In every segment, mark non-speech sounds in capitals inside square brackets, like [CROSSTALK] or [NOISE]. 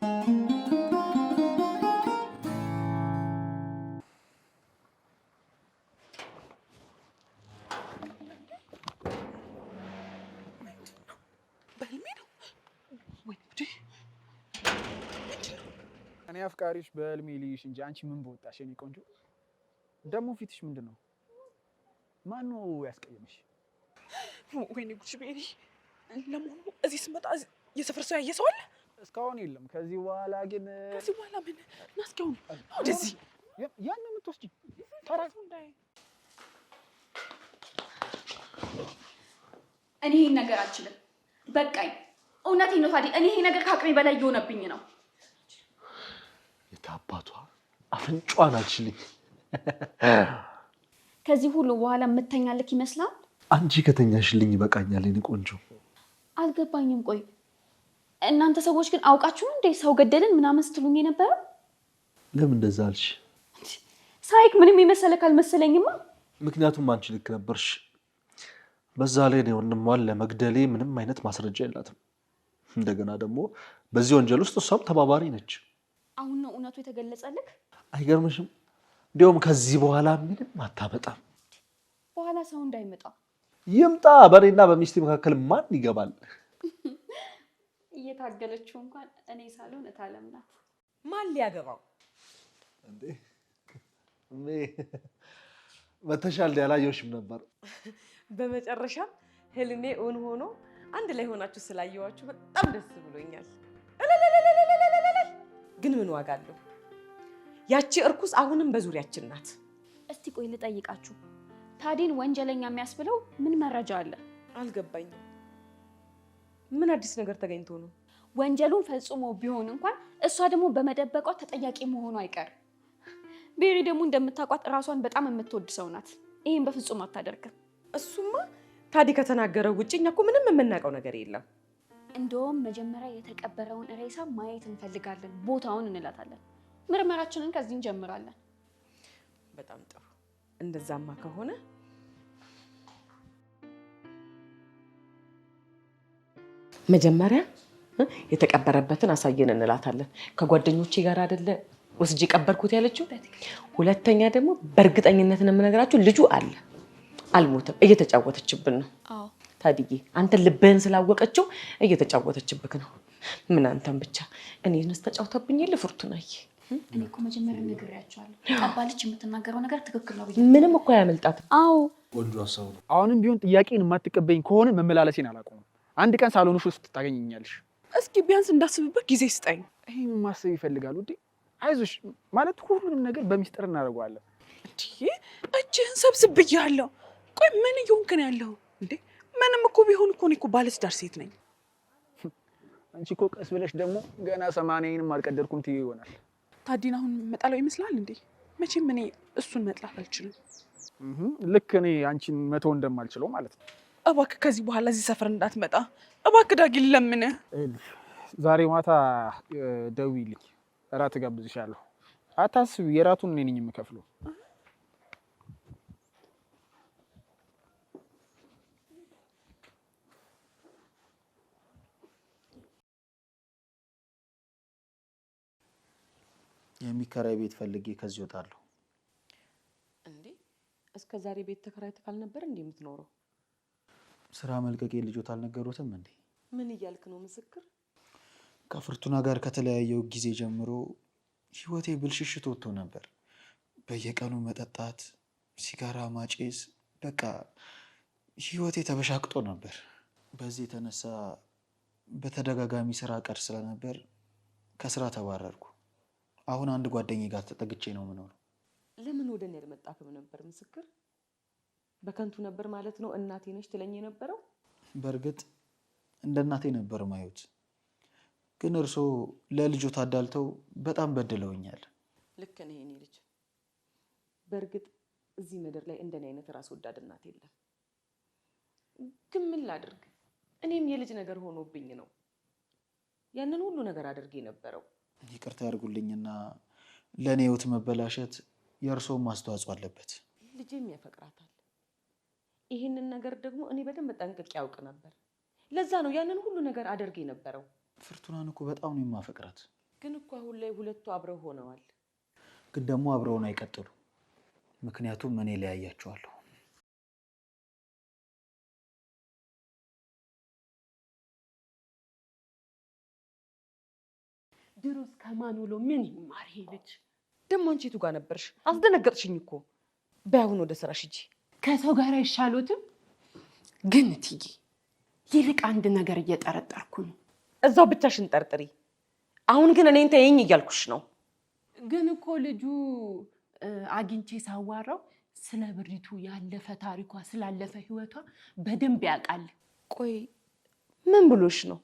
እኔ አፍቃሪሽ በህልሜ ልይሽ እንጂ አንቺ ምን በወጣሽ? የኔ ቆንጆ ደግሞ ፊትሽ ምንድን ነው? ማነው ያስቀየመሽ? ወይኔ ጉድ ቤሪ! ለመሆኑ እዚህ ስመጣ የሰፈር ሰው ያየ ሰው አለ? እስካሁን የለም። ከዚህ በኋላ ግን ከዚህ በኋላ ምን እናስኪሁን ወደዚህ ያን የምትወስጂ ተራሱ እንዳይ እኔ ይህን ነገር አልችልም። በቃኝ። እውነቴን ነው ታዲያ። እኔ ይሄ ነገር ከአቅሜ በላይ እየሆነብኝ ነው። የታባቷ አፍንጫዋን አልችልኝ። ከዚህ ሁሉ በኋላ የምተኛልክ ይመስላል? አንቺ ከተኛሽልኝ ይበቃኛል። የእኔ ቆንጆ አልገባኝም። ቆይ እናንተ ሰዎች ግን አውቃችሁ እንዴ ሰው ገደልን ምናምን ስትሉኝ የነበረው? ለምን እንደዛ አልሽ? ሳይክ ምንም የመሰለ ካልመሰለኝማ። ምክንያቱም አንቺ ልክ ነበርሽ። በዛ ላይ ነው ወንድሟን ለመግደሌ ምንም አይነት ማስረጃ የላትም። እንደገና ደግሞ በዚህ ወንጀል ውስጥ እሷም ተባባሪ ነች። አሁን ነው እውነቱ የተገለጸልክ። አይገርምሽም? እንዲሁም ከዚህ በኋላ ምንም አታመጣም። በኋላ ሰው እንዳይመጣ ይምጣ። በእኔና በሚስቴ መካከል ማን ይገባል? እየታገለችው እንኳን እኔ ሳልሆን እታለም ናት። ማን ሊያገባው እንዴ? መተሻል ያላየሁሽም ነበር። በመጨረሻም ህልሜ እውን ሆኖ አንድ ላይ ሆናችሁ ስላየዋችሁ በጣም ደስ ብሎኛል። ግን ምን ዋጋ አለው? ያቺ እርኩስ አሁንም በዙሪያችን ናት። እስቲ ቆይ ልጠይቃችሁ፣ ታዴን ወንጀለኛ የሚያስብለው ምን መረጃ አለ? አልገባኝም። ምን አዲስ ነገር ተገኝቶ ነው? ወንጀሉን ፈጽሞ ቢሆን እንኳን እሷ ደግሞ በመደበቋ ተጠያቂ መሆኑ አይቀርም። ቤሪ ደግሞ እንደምታውቋት እራሷን በጣም የምትወድ ሰው ናት። ይህም በፍጹም አታደርግም። እሱማ ታዲ ከተናገረው ውጭ እኛ እኮ ምንም የምናውቀው ነገር የለም። እንደውም መጀመሪያ የተቀበረውን ሬሳ ማየት እንፈልጋለን፣ ቦታውን እንላታለን። ምርመራችንን ከዚህ እንጀምራለን። በጣም ጥሩ። እንደዛማ ከሆነ መጀመሪያ የተቀበረበትን አሳየን እንላታለን። ከጓደኞቼ ጋር አይደለ ወስጄ ቀበርኩት ያለችው። ሁለተኛ ደግሞ በእርግጠኝነት ነው የምነግራችሁ፣ ልጁ አለ አልሞተም። እየተጫወተችብን ነው። ታዲዬ። አንተ ልብህን ስላወቀችው እየተጫወተችብክ ነው። ምን አንተን ብቻ እኔንስ ተጫውተብኝ የለ እኔ እኮ መጀመሪያ ነግሬያቸዋለሁ። ቀባልች የምትናገረው ነገር ትክክል ነው። ምንም እኮ አያመልጣትም። አዎ፣ አሁንም ቢሆን ጥያቄን የማትቀበኝ ከሆነ መመላለሴን አላቆምም። አንድ ቀን ሳሎንሽ ውስጥ ታገኘኛለሽ። እስኪ ቢያንስ እንዳስብበት ጊዜ ስጠኝ። ይህም ማሰብ ይፈልጋል ውዴ። አይዞሽ ማለት ሁሉንም ነገር በሚስጥር እናደርገዋለን። እንዲህ እጅህን ሰብስብ ብያለሁ። ቆይ ምን እየሆንክ ነው ያለው እንዴ? ምንም እኮ ቢሆን እኮ እኔ እኮ ባለትዳር ሴት ነኝ። አንቺ እኮ ቀስ ብለሽ ደግሞ ገና ሰማንያዬንም አልቀደድኩም ትይው ይሆናል። ታዲን አሁን መጣለው ይመስላል እንዴ? መቼም እኔ እሱን መጥላት አልችልም። ልክ እኔ አንቺን መተው እንደማልችለው ማለት ነው። እባክህ ከዚህ በኋላ እዚህ ሰፈር እንዳትመጣ እባክህ ዳጊል ለምን ዛሬ ማታ ደውዪልኝ፣ እራት እጋብዝሻለሁ። አታስቢ፣ የራቱን እኔ ነኝ የምከፍለው። የሚከራይ ቤት ፈልጌ ከዚህ እወጣለሁ። እንዴ እስከ ዛሬ ቤት ተከራይተህ ካልነበር እንዴ የምትኖረው? ስራ መልቀቄ ልጆት አልነገሩትም እንዴ? ምን እያልክ ነው ምስክር? ከፍርቱና ጋር ከተለያየው ጊዜ ጀምሮ ህይወቴ ብልሽሽት ወጥቶ ነበር። በየቀኑ መጠጣት፣ ሲጋራ ማጨስ፣ በቃ ህይወቴ ተበሻቅጦ ነበር። በዚህ የተነሳ በተደጋጋሚ ስራ ቀር ስለነበር ከስራ ተባረርኩ። አሁን አንድ ጓደኛ ጋር ተጠግቼ ነው የምኖረው። ለምን ወደ እኔ አልመጣክም ነበር ምስክር? በከንቱ ነበር ማለት ነው እናቴ ነች ትለኝ የነበረው? በእርግጥ እንደ እናቴ ነበር ማየት፣ ግን እርሶ ለልጆት አዳልተው በጣም በድለውኛል። ልክ ነው የኔ ልጅ። በእርግጥ እዚህ ምድር ላይ እንደኔ አይነት ራስ ወዳድ እናት የለም። ግን ምን ላድርግ፣ እኔም የልጅ ነገር ሆኖብኝ ነው ያንን ሁሉ ነገር አድርጌ የነበረው። ይቅርታ ያድርጉልኝና ለእኔ ህይወት መበላሸት የእርሶም አስተዋጽኦ አለበት። ልጄም ያፈቅራታል ይህንን ነገር ደግሞ እኔ በደንብ ጠንቅቄ ያውቅ ነበር። ለዛ ነው ያንን ሁሉ ነገር አደርግ የነበረው። ፍርቱናን እኮ በጣም ነው የማፈቅራት። ግን እኮ አሁን ላይ ሁለቱ አብረው ሆነዋል። ግን ደግሞ አብረውን አይቀጥሉ፣ ምክንያቱም እኔ ለያያቸዋለሁ። ድሮስ ከማን ውሎ ምን ይማር ይሄ ልጅ። ደግሞ አንቺ የቱ ጋር ነበርሽ? አስደነገጥሽኝ እኮ። ባይሆን ወደ ስራሽ ሂጂ። ከሰው ጋር አይሻሉትም። ግን እትዬ ይልቅ አንድ ነገር እየጠረጠርኩ ነው። እዛው ብቻሽን ጠርጥሪ። አሁን ግን እኔን ተይኝ እያልኩሽ ነው። ግን እኮ ልጁ አግኝቼ ሳዋራው ስለ ብሪቱ ያለፈ ታሪኳ ስላለፈ ህይወቷ በደንብ ያውቃል። ቆይ ምን ብሎሽ ነው?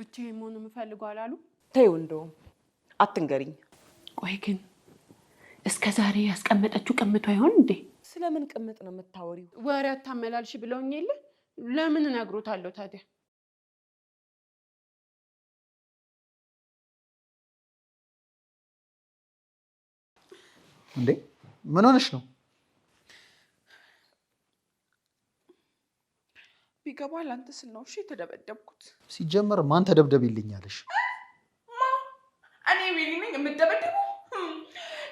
ብቻዬን መሆን የምፈልገው አላሉ? ተይው፣ እንደውም አትንገሪኝ። ቆይ ግን እስከ ዛሬ ያስቀመጠችው ቅምቷ ይሆን እንዴ? ስለምን ቅምጥ ነው የምታወሪው? ወሬ አታመላልሽ ብለውኝ የለ ለምን እነግሮታለሁ ታዲያ። እንዴ ምን ሆነሽ ነው? ቢገባ ላንተ ስል ነው እሺ የተደበደብኩት። ሲጀመር ማን ተደብደብ ይልኛለሽ? እኔ ቢሊ ነኝ የምደበደበው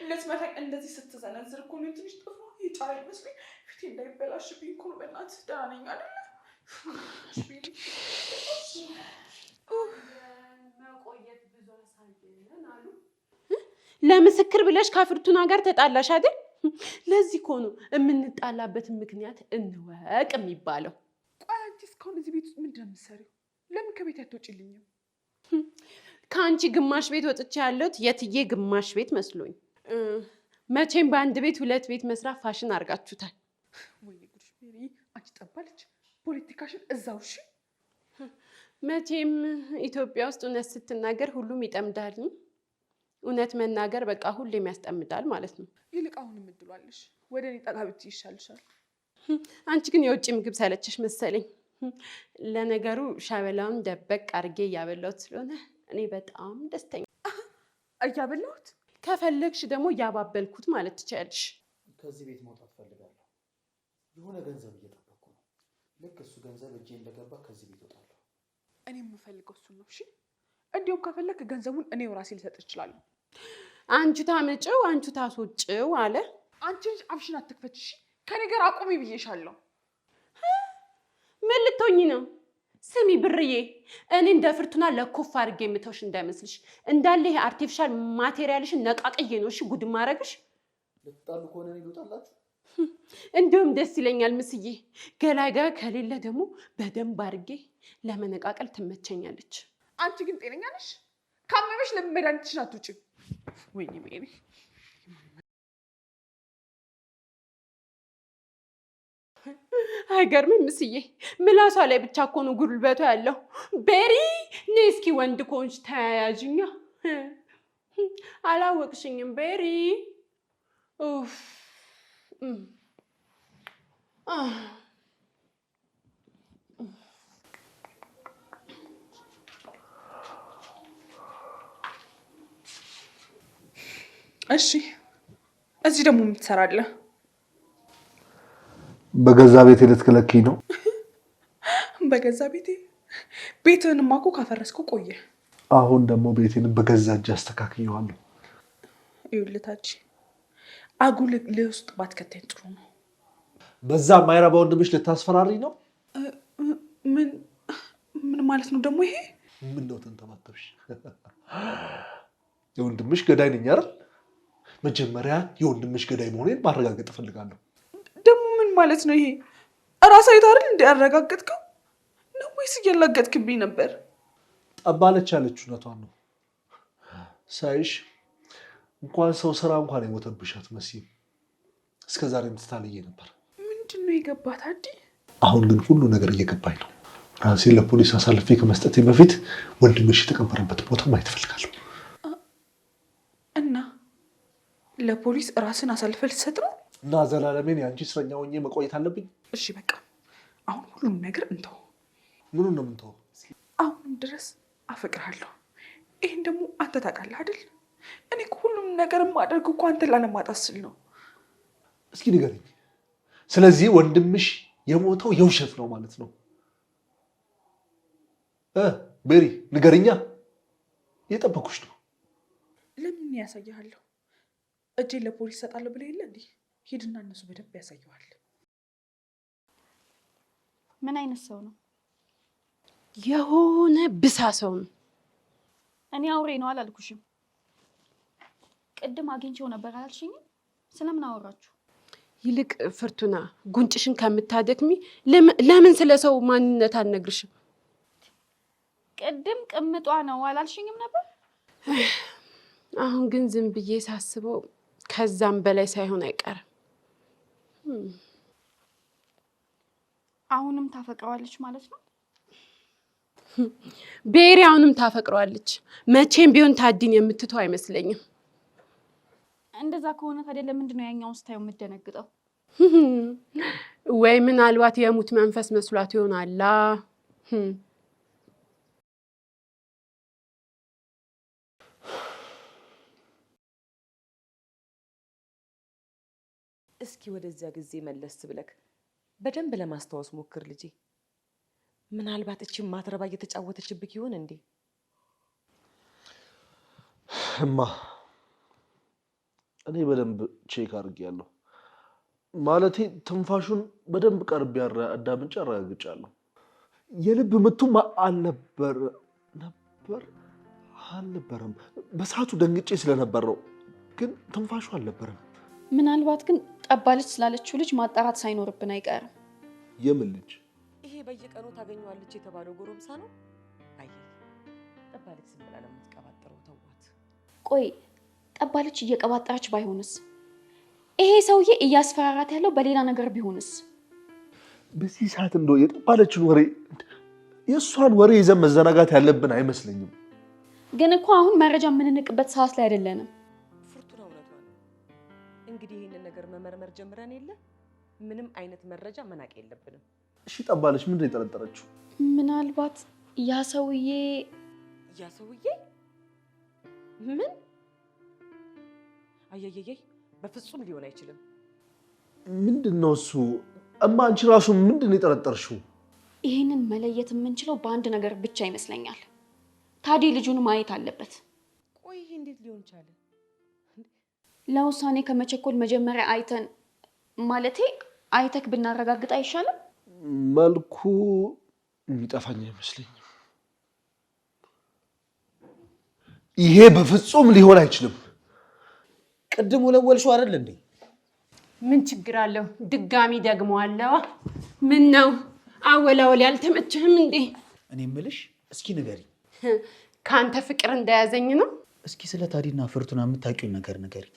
እንደዚህ መታቅ እንደዚህ ስትዘነዝር እኮ ነው ትንሽ ጥፎ የጫር ይመስለኝ ፊቴ እንዳይበላሽብኝ እኮ ነው። በእናትህ ደህና ነኝ አይደለ? ለምስክር ብለሽ ካፍርቱና ጋር ተጣላሽ አይደል? ለዚህ እኮ ነው የምንጣላበትን ምክንያት እንወቅ የሚባለው። ቆይ አንቺ እስካሁን እዚህ ቤት ውስጥ ምንድን ነው የምትሰሪው? ለምን ከቤት አትወጪልኝም? ከአንቺ ግማሽ ቤት ወጥቼ ያለሁት የትዬ ግማሽ ቤት መስሎኝ መቼም በአንድ ቤት ሁለት ቤት መስራት ፋሽን አድርጋችሁታል። ወይኔ ጉድሽ! አንቺ ጠባለች ፖለቲካሽን እዛው። እሺ መቼም ኢትዮጵያ ውስጥ እውነት ስትናገር ሁሉም ይጠምዳል። እውነት መናገር በቃ ሁሌም ያስጠምዳል ማለት ነው። ይልቅ አሁን የምትሏለሽ ወደ እኔ ጠጋ ብትይ ይሻልሻል። አንቺ ግን የውጭ ምግብ ሰለቸሽ መሰለኝ። ለነገሩ ሻበላውን ደበቅ አድርጌ እያበላሁት ስለሆነ እኔ በጣም ደስተኛ እያበላሁት ከፈለግሽ ደግሞ እያባበልኩት ማለት ትችያለሽ። ከዚህ ቤት መውጣት ፈልጋለሁ። የሆነ ገንዘብ እየጠበቅኩ ነው። ልክ እሱ ገንዘብ እጄ እንደገባ ከዚህ ቤት እወጣለሁ። እኔ የምፈልገው እሱን ነው። እሺ፣ እንዲሁም ከፈለግ ገንዘቡን እኔው ራሴ ልሰጥ እችላለሁ። አንቺ ታመጪው፣ አንቺ ታስወጪው አለ። አንቺ ልጅ አፍሽን አትክፈች። ከኔ ጋር አቁሚ ብዬሻለሁ። ምን ልትሆኚ ነው? ስሚ ብርዬ፣ እኔ እንደ ፍርቱና ለኮፍ አድርጌ የምተውሽ እንዳይመስልሽ። እንዳለ ይሄ አርቲፊሻል ማቴሪያልሽን ነቃቅዬ ነው እሺ ጉድ ማረግሽ። ልትጣሉ ከሆነ ልውጣላችሁ። እንዲሁም ደስ ይለኛል ምስዬ። ገላጋ ከሌለ ደግሞ በደንብ አድርጌ ለመነቃቀል ትመቸኛለች። አንቺ ግን ጤነኛ ነሽ? ካመመሽ ለምን መድኃኒትሽን አትውጪም? ወይኔ አይገርምም? ምስዬ ምላሷ ላይ ብቻ እኮ ነው ጉልበቱ ያለው። ቤሪ ነይ እስኪ ወንድ ኮንች ተያያዥኛ። አላወቅሽኝም ቤሪ? እሺ እዚህ ደግሞ የምትሰራለህ? በገዛ ቤቴ ልትከለኪኝ ነው? በገዛ ቤቴ ቤትህንማ እኮ ካፈረስኩ ቆየ። አሁን ደግሞ ቤቴን በገዛ እጅ አስተካክየዋለሁ። ይውልታች አጉል ውስጥ ባትከተኝ ጥሩ ነው። በዛ ማይረባ ወንድምሽ ልታስፈራሪ ነው? ምን ምን ማለት ነው ደግሞ ይሄ? ምን ነው ተንተባተብሽ? የወንድምሽ ገዳይ ነኝ አይደል? መጀመሪያ የወንድምሽ ገዳይ መሆኔን ማረጋገጥ እፈልጋለሁ። ማለት ነው? ይሄ እራስ አይታ እንዲያረጋገጥከው ነው ወይስ እያላገጥክብኝ ነበር? ጠባለች አለች። እውነቷን ነው። ሳይሽ እንኳን ሰው ስራ እንኳን የሞተብሻት አትመስይም። እስከ ዛሬም ነበር። ምንድን ነው የገባት አዲ? አሁን ግን ሁሉ ነገር እየገባኝ ነው። ራሴን ለፖሊስ አሳልፌ ከመስጠቴ በፊት ወንድምሽ የተቀበረበት ቦታ ማየት እፈልጋለሁ። እና ለፖሊስ ራስን አሳልፈ ልትሰጥ ነው? እና ዘላለሜን የአንቺ እስረኛ ሆኜ መቆየት አለብኝ? እሺ በቃ አሁን ሁሉም ነገር እንተው። ምኑን ነው የምንተው? አሁንም ድረስ አፈቅርሃለሁ። ይህን ደግሞ አንተ ታውቃለህ አይደል? እኔ ሁሉም ነገር የማደርገው እኮ አንተን ላለማጣት ስል ነው። እስኪ ንገረኝ። ስለዚህ ወንድምሽ የሞተው የውሸት ነው ማለት ነው? ቤሪ ንገርኛ፣ የጠበኩሽ ነው። ለምን ያሳያለሁ? እጄን ለፖሊስ እሰጣለሁ ብለህ የለ እንዲህ ሂድና እነሱ በደንብ ያሳየዋል። ምን አይነት ሰው ነው? የሆነ ብሳ ሰው ነው። እኔ አውሬ ነው አላልኩሽም? ቅድም አግኝቼው ነበር አላልሽኝም? ስለምን አወራችሁ? ይልቅ ፍርቱና ጉንጭሽን ከምታደክሚ ለምን ስለ ሰው ማንነት አልነግርሽም? ቅድም ቅምጧ ነው አላልሽኝም ነበር? አሁን ግን ዝም ብዬ ሳስበው ከዛም በላይ ሳይሆን አይቀርም። አሁንም ታፈቅረዋለች ማለት ነው? [LAUGHS] ቤሪ አሁንም ታፈቅረዋለች። መቼም ቢሆን ታዲን የምትተው አይመስለኝም። እንደዛ ከሆነ ታዲያ ለምንድን ነው ያኛውን ስታየው የምደነግጠው? [LAUGHS] ወይ ምናልባት የሙት መንፈስ መስሏት ይሆናላ። እስኪ ወደዚያ ጊዜ መለስ ብለክ በደንብ ለማስታወስ ሞክር ልጄ። ምናልባት እቺ ማትረባ እየተጫወተችብክ ይሆን እንዴ? እማ እኔ በደንብ ቼክ አድርጌያለሁ። ማለቴ ትንፋሹን በደንብ ቀርቤ አዳምጬ አረጋግጫለሁ። የልብ ምቱም አልነበር ነበር አልነበረም። በሰዓቱ ደንግጬ ስለነበረው ግን ትንፋሹ አልነበረም። ምናልባት ግን ጠባለች ስላለችው ልጅ ማጣራት ሳይኖርብን አይቀርም። የምን ልጅ? ይሄ በየቀኑ ታገኘዋለች የተባለው ጎረምሳ ነው። አይ ጠባለች ዝም ለምትቀባጥረው ተዋት። ቆይ ጠባለች እየቀባጠረች ባይሆንስ? ይሄ ሰውዬ እያስፈራራት ያለው በሌላ ነገር ቢሆንስ? በዚህ ሰዓት እንደው የጠባለችን ወሬ የእሷን ወሬ ይዘን መዘናጋት ያለብን አይመስለኝም። ግን እኮ አሁን መረጃ የምንንቅበት ሰዓት ላይ አይደለንም። እንግዲህ ይህንን ነገር መመርመር ጀምረን የለ ምንም አይነት መረጃ መናቅ የለብንም። እሺ ጠባለች፣ ምንድን የጠረጠረችው? ምናልባት ያ ሰውዬ ያ ሰውዬ ምን አየየየይ፣ በፍጹም ሊሆን አይችልም። ምንድን ነው እሱ? እማ አንቺ ራሱ ምንድን ነው የጠረጠርሽው? ይህንን መለየት የምንችለው በአንድ ነገር ብቻ ይመስለኛል። ታዲያ ልጁን ማየት አለበት። ቆይ ይሄ እንዴት ሊሆን ቻለ? ለውሳኔ ከመቸኮል መጀመሪያ አይተን ማለቴ አይተክ ብናረጋግጥ አይሻልም? መልኩ የሚጠፋኝ አይመስለኝም። ይሄ በፍጹም ሊሆን አይችልም። ቅድም ወለወልሽው አይደል እንዴ? ምን ችግር አለው? ድጋሚ ደግሞ አለዋ። ምን ነው አወላወል ያልተመቸህም እንዴ? እኔ ምልሽ እስኪ ንገሪ፣ ከአንተ ፍቅር እንደያዘኝ ነው። እስኪ ስለ ታዲና ፍርቱና የምታውቂውን ነገር ንገሪ።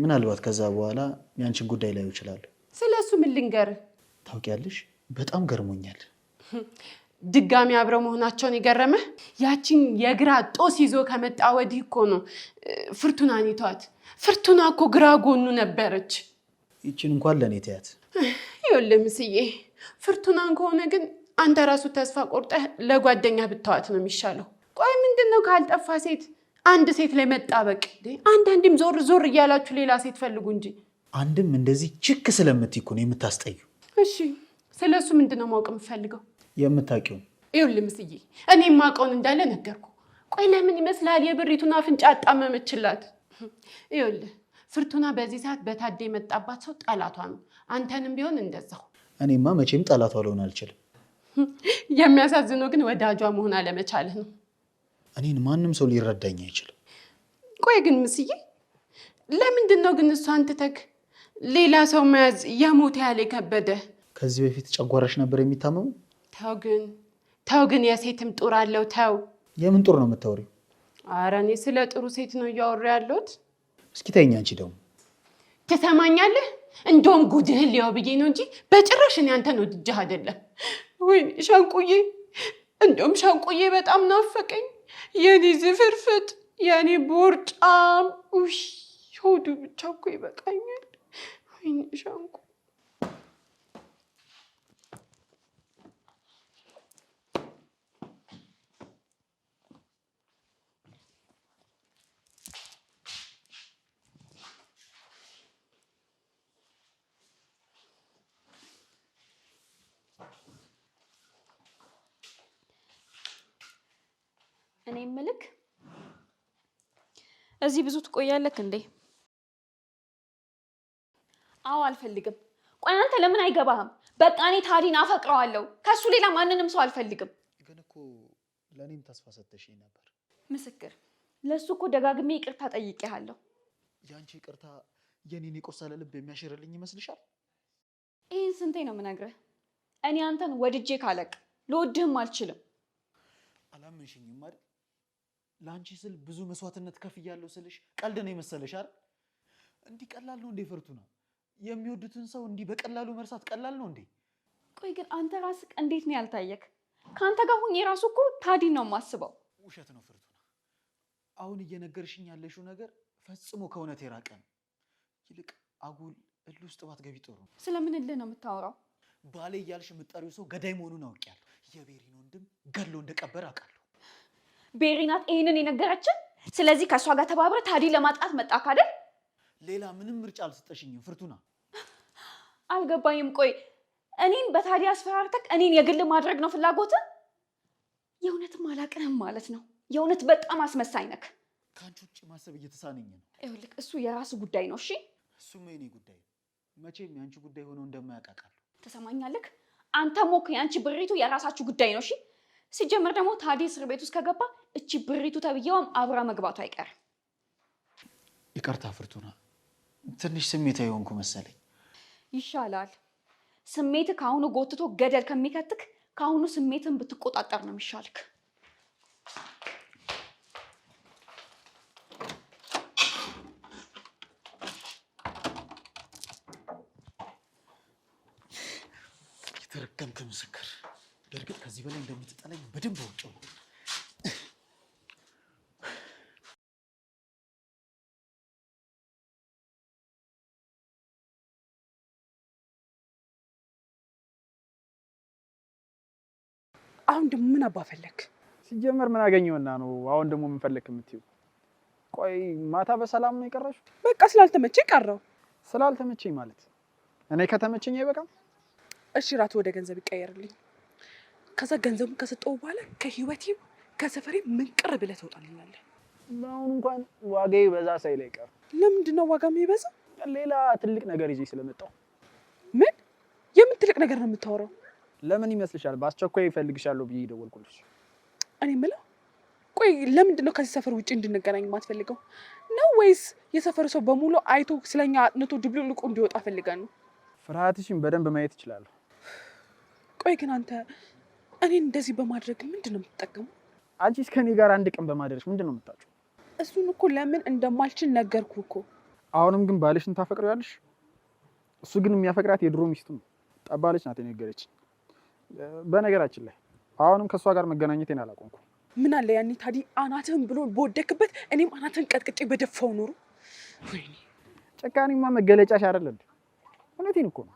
ምናልባት ከዛ በኋላ ያንቺን ጉዳይ ላይ ይችላሉ። ስለ እሱ ምን ልንገር ታውቂያለሽ፣ በጣም ገርሞኛል። ድጋሚ አብረው መሆናቸውን የገረመህ? ያቺን የግራ ጦስ ይዞ ከመጣ ወዲህ እኮ ነው ፍርቱና ኒቷት። ፍርቱና እኮ ግራ ጎኑ ነበረች። ይችን እንኳን ለእኔ ትያት። ይኸውልህ ምስዬ፣ ፍርቱናን ከሆነ ግን አንተ ራሱ ተስፋ ቆርጠህ ለጓደኛ ብታዋት ነው የሚሻለው። ቆይ ምንድን ነው ካልጠፋ ሴት አንድ ሴት ላይ መጣበቅ። አንዳንድም ዞር ዞር እያላችሁ ሌላ ሴት ፈልጉ እንጂ አንድም እንደዚህ ችክ ስለምትኩ ነው የምታስጠዩ። እሺ ስለ እሱ ምንድን ነው ማወቅ የምፈልገው? የምታውቂውን ይኸውልህ ምስዬ፣ እኔ የማውቀውን እንዳለ ነገርኩ። ቆይ ለምን ይመስላል የብሪቱን አፍንጫ አጣመመችላት? ይኸውልህ ፍርቱና በዚህ ሰዓት በታዴ የመጣባት ሰው ጠላቷ ነው። አንተንም ቢሆን እንደዛው። እኔማ መቼም ጠላቷ ልሆን አልችልም። የሚያሳዝነው ግን ወዳጇ መሆን አለመቻልህ ነው። እኔን ማንም ሰው ሊረዳኝ አይችልም። ቆይ ግን ምስዬ፣ ለምንድን ነው ግን እሷን ትተክ ሌላ ሰው መያዝ የሞት ያል የከበደ ከዚህ በፊት ጨጓራሽ ነበር የሚታመሙ? ተው ግን ተው ግን የሴትም ጡር አለው። ተው የምን ጡር ነው የምታወሪው? አረ እኔ ስለ ጥሩ ሴት ነው እያወሩ ያለሁት። እስኪ ተይኝ አንቺ ደግሞ ትሰማኛለህ። እንደውም ጉድህን ሊያው ብዬ ነው እንጂ በጭራሽ እኔ አንተን ወድጄህ አይደለም። ወይኔ ሻንቁዬ፣ እንደውም ሻንቁዬ በጣም ናፈቀኝ። የኔ ዝፍርፍጥ፣ የኔ ቦርጫም፣ ሆዱ ብቻ እኮ ይበቃኛል። ወይኔ ሻንኩ እኔ ምልክ እዚህ ብዙ ትቆያለክ እንዴ? አዎ አልፈልግም። ቆይ አንተ ለምን አይገባህም? በቃ እኔ ታዲን አፈቅረዋለሁ። ከሱ ሌላ ማንንም ሰው አልፈልግም። ግን እኮ ለእኔም ተስፋ ሰተሽኝ ነበር። ምስክር ለእሱ እኮ ደጋግሜ ይቅርታ ጠይቄሃለሁ። የአንቺ ይቅርታ የኔን የቆሰለ ልብ የሚያሽርልኝ ይመስልሻል? ይህን ስንቴ ነው የምነግርህ? እኔ አንተን ወድጄ ካለቅ ልወድህም አልችልም። አላምንሽኝም አይደል? ለአንቺ ስል ብዙ መስዋዕትነት ከፍ እያለው ስልሽ ቀልድ ነው የመሰለሽ አይደል? እንዲህ ቀላል ነው እንዴ? ፈርቱና፣ የሚወዱትን ሰው እንዲህ በቀላሉ መርሳት ቀላል ነው እንዴ? ቆይ ግን አንተ ራስህ እንዴት ነው ያልታየክ? ከአንተ ጋር ሁኝ የራሱ እኮ ታዲ ነው የማስበው። ውሸት ነው ፍርቱና፣ አሁን እየነገርሽኝ ያለሽው ነገር ፈጽሞ ከእውነት የራቀ ነው። ይልቅ አጉል እል ውስጥ ባትገቢ ጥሩ ነው። ስለምን እልህ ነው የምታወራው? ባሌ እያልሽ የምጠሪው ሰው ገዳይ መሆኑን አውቄያለሁ። የቤሪን ወንድም ገሎ እንደቀበር አውቃለሁ። ቤሪ ናት ይሄንን የነገረችን። ስለዚህ ከእሷ ጋር ተባብረ ታዲ ለማጥቃት መጣ ካደል ሌላ ምንም ምርጫ አልሰጠሽኝም ፍርቱና። አልገባኝም። ቆይ እኔን በታዲ አስፈራርተክ እኔን የግል ማድረግ ነው ፍላጎት? የእውነትም አላቅንም ማለት ነው። የእውነት በጣም አስመሳይ ነክ። ከአንቺ ውጭ ማሰብ እየተሳነኝ ነው። ይኸውልህ እሱ የራሱ ጉዳይ ነው። እሺ እሱም የኔ ጉዳይ መቼም የአንቺ ጉዳይ ሆኖ እንደማያውቃቃሉ። ተሰማኛለክ። አንተ ሞክ የአንቺ ብሪቱ የራሳችሁ ጉዳይ ነው። እሺ ሲጀመር ደግሞ ታዲ እስር ቤት ውስጥ ከገባ እቺ ብሪቱ ተብዬዋም አብራ መግባቱ አይቀርም። ይቅርታ ፍርቱና፣ ትንሽ ስሜት የሆንኩ መሰለኝ። ይሻላል። ስሜት ከአሁኑ ጎትቶ ገደል ከሚከትክ ከአሁኑ ስሜትን ብትቆጣጠር ነው የሚሻልክ። የተረገምክ ምስክር በእርግጥ ከዚህ በላይ እንደምትጠላኝ በደንብ አውቄው አሁን ደግሞ ምን አባ ፈለግ? ሲጀመር ምን አገኘውና ነው አሁን ደግሞ ምን ፈለክ የምትይው? ቆይ ማታ በሰላም ነው የቀረሽ? በቃ ስላልተመቸኝ ቀረው። ስላልተመቸኝ ማለት እኔ ከተመቸኝ አይበቃም? እሺ ራቱ ወደ ገንዘብ ይቀየርልኝ። ከዛ ገንዘቡን ከሰጠው በኋላ ከህይወቴ ከሰፈሬ ምንቅር ብለህ ትወጣልኛለህ። አሁን እንኳን ዋጋ ይበዛ ሳይል አይቀር። ለምንድን ነው ዋጋ የሚበዛ? ሌላ ትልቅ ነገር ይዤ ስለመጣሁ። ምን? የምን ትልቅ ነገር ነው የምታወራው? ለምን ይመስልሻል? በአስቸኳይ ይፈልግሻለሁ ብዬ ደወልኩልሽ። እኔ የምለው ቆይ ለምንድን ነው ከዚህ ሰፈር ውጭ እንድንገናኝ የማትፈልገው ነው ወይስ የሰፈር ሰው በሙሉ አይቶ ስለኛ አጥንቶ ድብልቁ እንዲወጣ ፈልገን ነው? ፍርሃትሽን በደንብ ማየት እችላለሁ። ቆይ ግን አንተ እኔን እንደዚህ በማድረግ ምንድን ነው የምትጠቀሙ? አንቺ እስከ ጋር አንድ ቀን በማደረሽ ምንድን ነው የምታጩ? እሱን እኮ ለምን እንደማልችል ነገርኩ እኮ። አሁንም ግን ባልሽን ያለሽ? እሱ ግን የሚያፈቅራት የድሮ ሚስቱ ነው። ጠባለች ናት የነገረች። በነገራችን ላይ አሁንም ከእሷ ጋር መገናኘቴን አላቆምኩ። ምን አለ ያኔ ታዲ አናትህን ብሎ በወደክበት እኔም አናትህን ቀጥቅጬ በደፋው ኖሮ። ጨካኔማ መገለጫሽ አይደለም። እውነቴን እኮ ነው።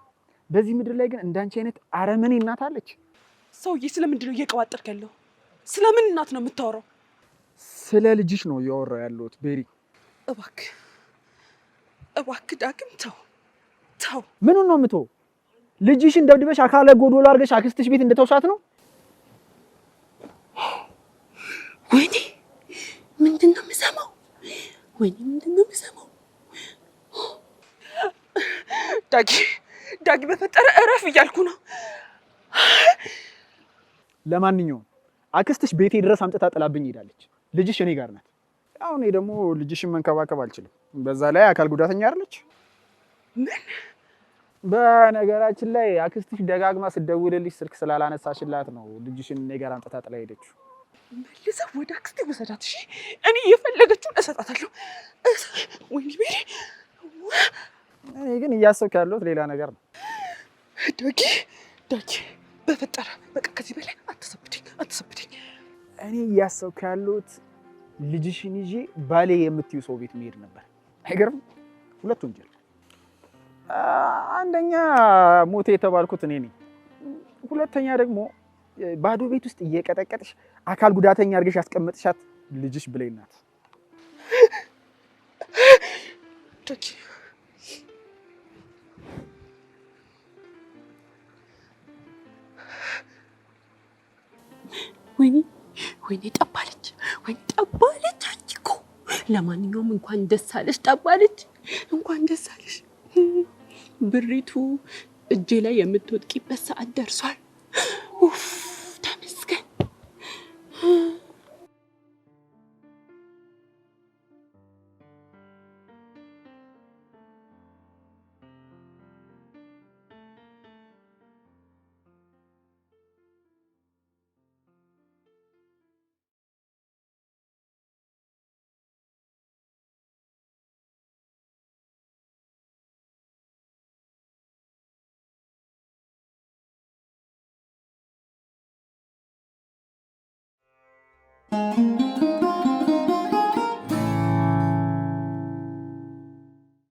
በዚህ ምድር ላይ ግን እንዳንቺ አይነት አረመኔ እናት አለች። ሰውዬ ስለምንድን ነው እየቀዋጠርክ ያለው? ስለምን እናት ነው የምታወራው? ስለ ልጅሽ ነው እያወራሁ ያለሁት ቤሪ። እባክህ እባክህ ዳግም ተው ተው። ምኑን ነው የምተው? ልጅሽን ደብድበሽ አካለ ጎዶሎ አድርገሽ አክስትሽ ቤት እንደተውሻት ነው? ወይኔ ምንድን ነው የምሰማው? ወይኔ ምንድን ነው የምሰማው? ዳጊ ዳጊ፣ በፈጠረ እረፍ እያልኩ ነው። ለማንኛውም አክስትሽ ቤቴ ድረስ አምጥታ ጥላብኝ ሄዳለች። ልጅሽ እኔ ጋር ናት። አሁን እኔ ደግሞ ልጅሽን መንከባከብ አልችልም። በዛ ላይ አካል ጉዳተኛ አይደለች። በነገራችን ላይ አክስትሽ ደጋግማ ስደውልልሽ ስልክ ስላላነሳሽላት ነው ልጅሽን እኔ ጋር አምጥታ ጥላ ሄደችው። መልሰህ ወደ አክስቴ ወሰዳት። እሺ፣ እኔ የፈለገችውን እሰጣታለሁ። ወይ እኔ ግን እያሰብክ ያለሁት ሌላ ነገር ነው ዶጌ ዶጌ በፈጠረ በቃ ከዚህ በላይ አትሰብድኝ፣ አትሰብድኝ። እኔ እያሰብኩ ያለሁት ልጅሽን ይዤ ባሌ የምትዩ ሰው ቤት መሄድ ነበር። አይገርም? ሁለት ወንጀል። አንደኛ ሞቴ የተባልኩት እኔ ነኝ። ሁለተኛ ደግሞ ባዶ ቤት ውስጥ እየቀጠቀጥሽ አካል ጉዳተኛ አድርገሽ ያስቀመጥሻት ልጅሽ ብሌን ናት። ወይኔ ወይኔ ጠባለች፣ ወይኔ ጠባለች። አንቺ እኮ ለማንኛውም እንኳን ደስ አለሽ ጠባለች፣ እንኳን ደስ አለሽ። ብሪቱ እጄ ላይ የምትወድቂበት ሰዓት ደርሷል። you